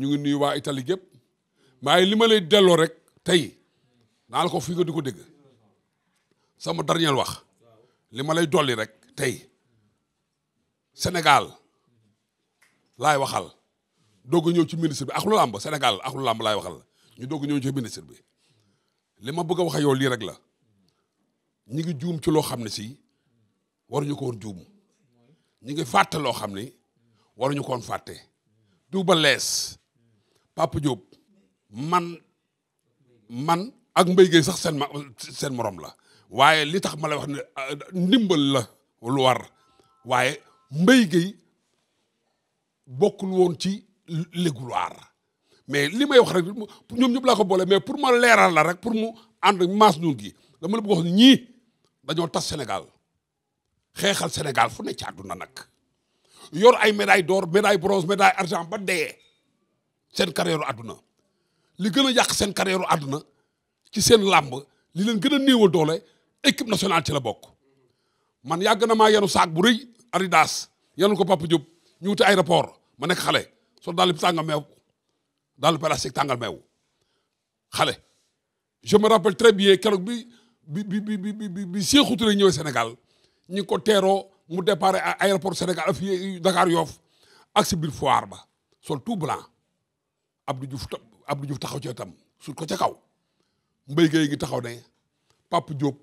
ñu ngi nuyu waa Italie gépp waaye li ma lay delloo rek tey naa la ko fii nga di ko dégg sama dernier wax li ma lay dolli rek tey Sénégal laay waxal doog ñëw ci ministre bi ak lu làmb Sénégal ak lu làmb laay waxal ñu doog ñëw ci ministre bi li ma bëgg a wax lii rek la ñi ngi juum ci loo xam ne si waruñu ko woon juum ñi ngi fàtte loo xam ni waruñu ko fàtte du lees Papa Diop man man ak Mbaye Gueye sax seen ma seen morom la waaye li tax ma lay wax ne euh, ndimbal la lu waaye Mbaye Gueye bokkul woon ci l'Égoulard mais li may wax rek ñoom ñëpp laa ko boole mais pour ma leeral la rek pour mu ànd maas ñun gi dama la bëgg wax ñii dañoo tas Sénégal xeexal Sénégal fu ne ci àdduna nag yor ay médaille d'or médaille bronze médaille argent ba dee seen carrière àdduna li gën a yàq seen carrière àdduna ci seen làmb li leen gën a néewal doole équipe nationale ci la bokk man yàgg na maa yenu saak bu rëy Adidas yenu ko Papa Diop ñu wuti aéroport ma nekk xale so daal bi tàngal meew daal di plastique tàngal meew xale je me rappelle très bien keroog bi bi bi bi bi bi Sékou Touré ñëwee Sénégal ñu ko teeroo mu départ aéroport Sénégal fii Dakar Yoff ak si biir ba sol tout blanc Abdou Diouf Abdou Diouf taxaw ci tam sut ko ca kaw Mbaye gay ngi taxaw ne Papa Diop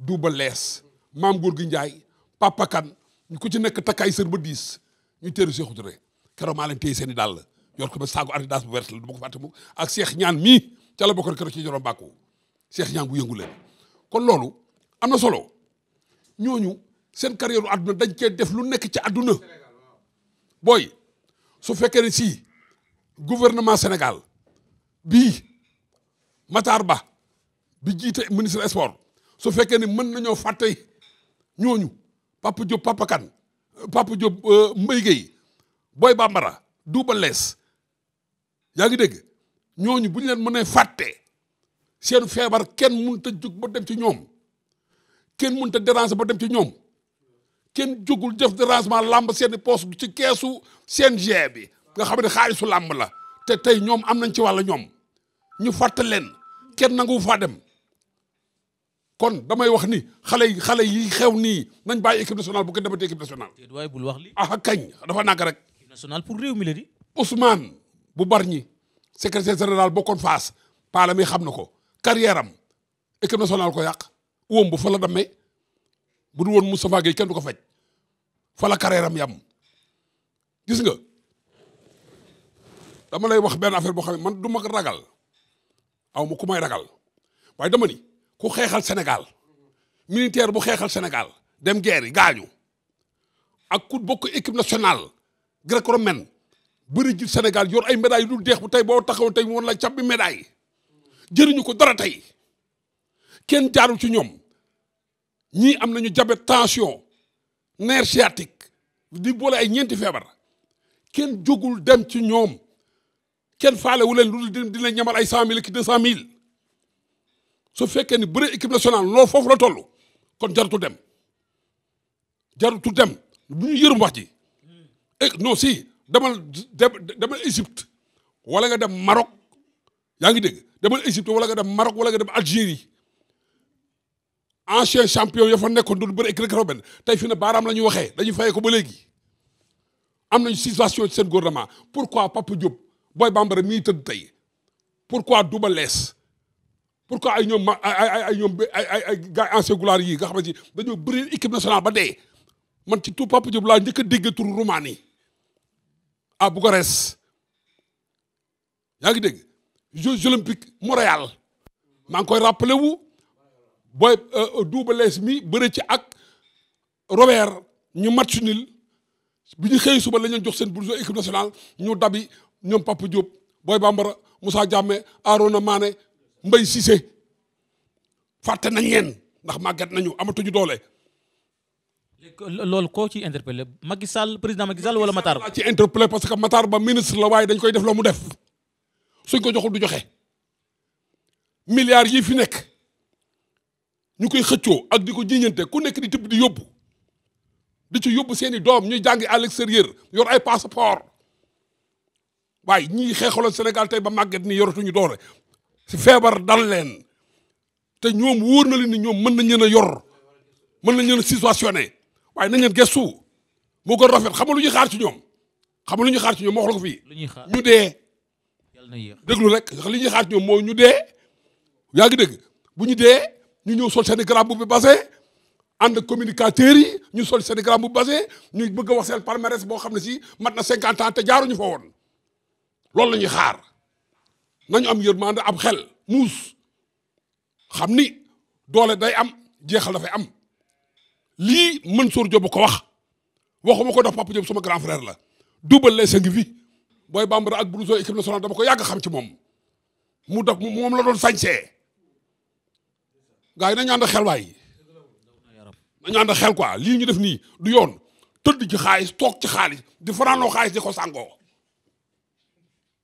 Douba Lees Maam Gorgui Ndiaye Papa Kane ñu ku ci nekk takkaay sër ba diis ñu teeru Cheikh Touré keroog maa leen téye seen i dàll yor ko ba saagu Adidas bu vert la du ma ko fàtte mu ak Cheikh Ñaan mii ca la bokkoon keroog ci jorom bàkku Cheikh Ñaan bu yëngu leen kon loolu am na solo ñooñu seen carrière lu àdduna dañ cee def lu nekk ci àdduna booy su fekkee ne sii gouvernement Sénégal bii Matar Ba bi jiite ministre sport su fekkee ni mën nañoo fàtte ñooñu Papa Diop Papa Kane Papa Diop euh, Mbaye Guèye Boy Bambara Double Less yaa ngi dégg ñooñu bu ñu leen mënee fàtte seen feebar kenn mënut a jug ba dem ci ñoom kenn mun a déranger ba dem ci ñoom kenn jugul def dérangement làmb seeni poste ci keesu CNG bi nga xam ne xaalisu làmb la te tey ñoom am nañ ci wàlla ñoom ñu fàttali leen kenn nangu faa dem kon damay wax ni xale yi xale yi xew nii nañ bàyyi équipe nationale bu ko dematee équipe nationale. waaye bul wax li ah kañ dafa nàkk rek. équipe nationale pour réew mi la di. Ousmane bu Bargny secrétaire général bokkoon Fass paala mi xam na ko carrière am équipe nationale ko yàq wóom bu fa la demee bu du woon Moustapha Gueye kenn du ko faj fa la carrière am yam gis nga. dama lay wax benn affaire boo xam ne man du ma ragal aw ma ku may ragal waaye dama ni ku xeexal Sénégal militaire bu xeexal Sénégal dem guerre yi gaañu ak ku bokk équipe nationale gréco-romaine bëri ji Sénégal yor ay médailles yu deex bu tey boo taxaw tey woon la bi médaille jëriñu ko dara tey kenn jaarul ci ñoom ñii am nañu jabet tension nerf sciatique di boole ay ñeenti feebar kenn jógul dem ci ñoom. kenn faale wu leen lu dul dina ñamal ay cent mille ak deux cent su fekkee ni bëre équipe nationale loolu foofu la toll kon jarutu dem jarutu dem bu ñu yërëm wax ji eh, non si demal demal Égypte wala nga dem Maroc yaa ngi dégg demal Égypte wala nga dem Maroc wala nga dem Algérie ancien champion ya fa nekkoon doon bëre équipe benn tey fi ne baaraam la ñuy waxee dañuy fayee ko ba léegi am nañu situation ci seen gouvernement pourquoi Papa Diop. Boy Bambara mii tëdd tey pourquoi Double Less pourquoi ay ñoom ay ay ay ñoom ay ay ay gars ancien gloire yi nga xam ne si dañoo bëri équipe nationale ba dee man ci tout Papa Diop laa njëkk a dégg turu Roumanie à Bucarest yaa ngi dégg Jeux olympiques Montréal maa ngi koy rappelé wu booy euh, Double Less mi bëre ci ak Robert ñu match nul bi ñu su ba la ñu jox seen bourse équipe nationale ñu dabi ñoom Papa Diop Boy Bambara jàmme Diame Arona Mané mbay Cissé fàtte nañ leen ndax màggat nañu amatuñu doole. loolu koo ci interpellé Macky Sall président Macky Sall wala Matar Ba. ci interpellé parce que Matar Ba ministre la waaye dañ koy def la mu def suñ ko joxul du joxe milliards yii fi nekk ñu koy xëccoo ak di ko jiñante ku nekk di tibb di yóbbu di ci yóbbu seeni doom ñuy jàngi à l'extérieur yor ay passeport waaye ñii xeexaloon Sénégal ba màgget ni yoratuñu doore si feebar dal leen te ñoom woor na leen ni ñoom mën nañ leen a yor mën nañ leen a situationné waaye nañ leen gëstu moo ko rafet xam nga lu ñu xaar ci ñoom xam nga lu ñuy xaar ci ñoom wax la ko fii. ñu dee. yàlla na yéex déglu rek li ñuy xaar ci ñoom moo ñu dee. yaa ngi dégg bu ñu dee ñu ñëw sol seen i grand boubou basé yi ñu sol seen i ñu bëgg a wax seen palmarès boo xam ne si mat na cinquante ans te jaaruñu fa loolu la xaar nañu am yërmande ab xel muus xam ni doole day am jeexal dafay am lii Mansour Diop ko wax waxuma ko dox Papa Diop sama grand frère la duubal lay sa ngi fi booy bambara ak blouson équipe nationale dama ko yàgg xam ci moom mu def moom la doon sañsee gaa yi nañu ànd xel waay nañu ànd xel ko lii ñu def nii du yoon tëdd ci xaalis toog ci xaalis di fanaanoo xaalis di ko sàngoo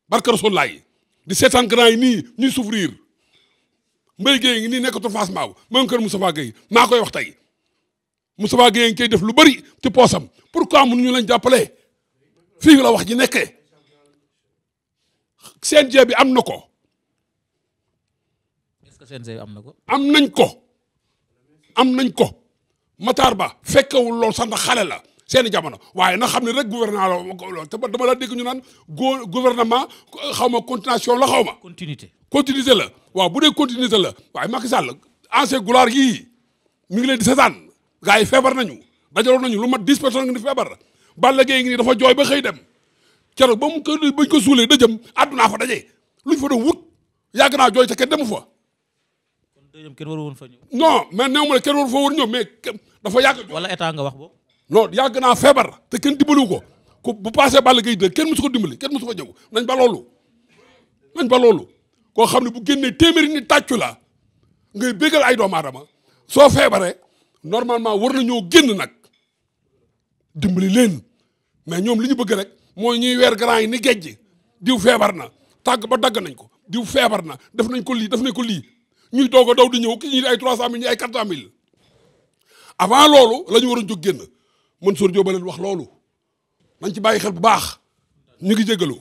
barke Rasulullah di seetaan grand yi nii ñuy souffrir Mbaye ngi nii nekkatul Fass Mbao moom kër Moustapha Guèye maa koy wax tey Moustapha Guèye ngi koy def lu bëri ci poosam pourquoi ñu lañ jàppale fii la wax ji nekkee CNG bi am na ko. est-ce que CNG bi am na ko. am nañ ko am nañ ko Matar Ba fekkewul lool sax ndax la. seeni jamono waaye na xam ne rek gouvernement la te dama la dégg ñu naan go gouvernement xaw ma continuation la xaw ma. continuité continuité la waaw bu dee continuité la waaye Macky Sall ancien gloire yii mi ngi leen di seetaan gars yi feebar nañu dajaloon nañu lu mat dix personnes ngi di feebar Balla Gaye ngi nii dafa jooy ba xëy dem keroog ba mu ko ba ñu ko suulee dëjëm àddunaa fa daje luñ fa doon wut yàgg naa jooy te kenn demu fa. dëjëm kenn waru fa ñëw. non mais néew ma ne kenn waru fa war ñëw mais wala état nga wax boobu. non yàgg naa feebar te kenn dimbalu ko ku bu passé Balla Gaye de kenn musu ko dimbali kenn musu ko jëgu nañ ba loolu nañ ba loolu koo xam ne bu génnee téeméeri ni tàccu la ngay bégal ay doomu aadama soo feebaree normalement war nañoo génn nag dimbali leen mais ñoom li ñu bëgg rek mooy ñuy weer grand yi ni gejj diw feebar na tàgg ba dagg nañ ko diw feebar na def nañ ko lii def nañ ko lii ñuy doog a daw di ñëw ki ñi ay 300000 ñi ay 400000 avant loolu la ñu war génn Mansour Diop ba leen wax loolu nañ ci bàyyi xel bu baax ñu ngi jégalu.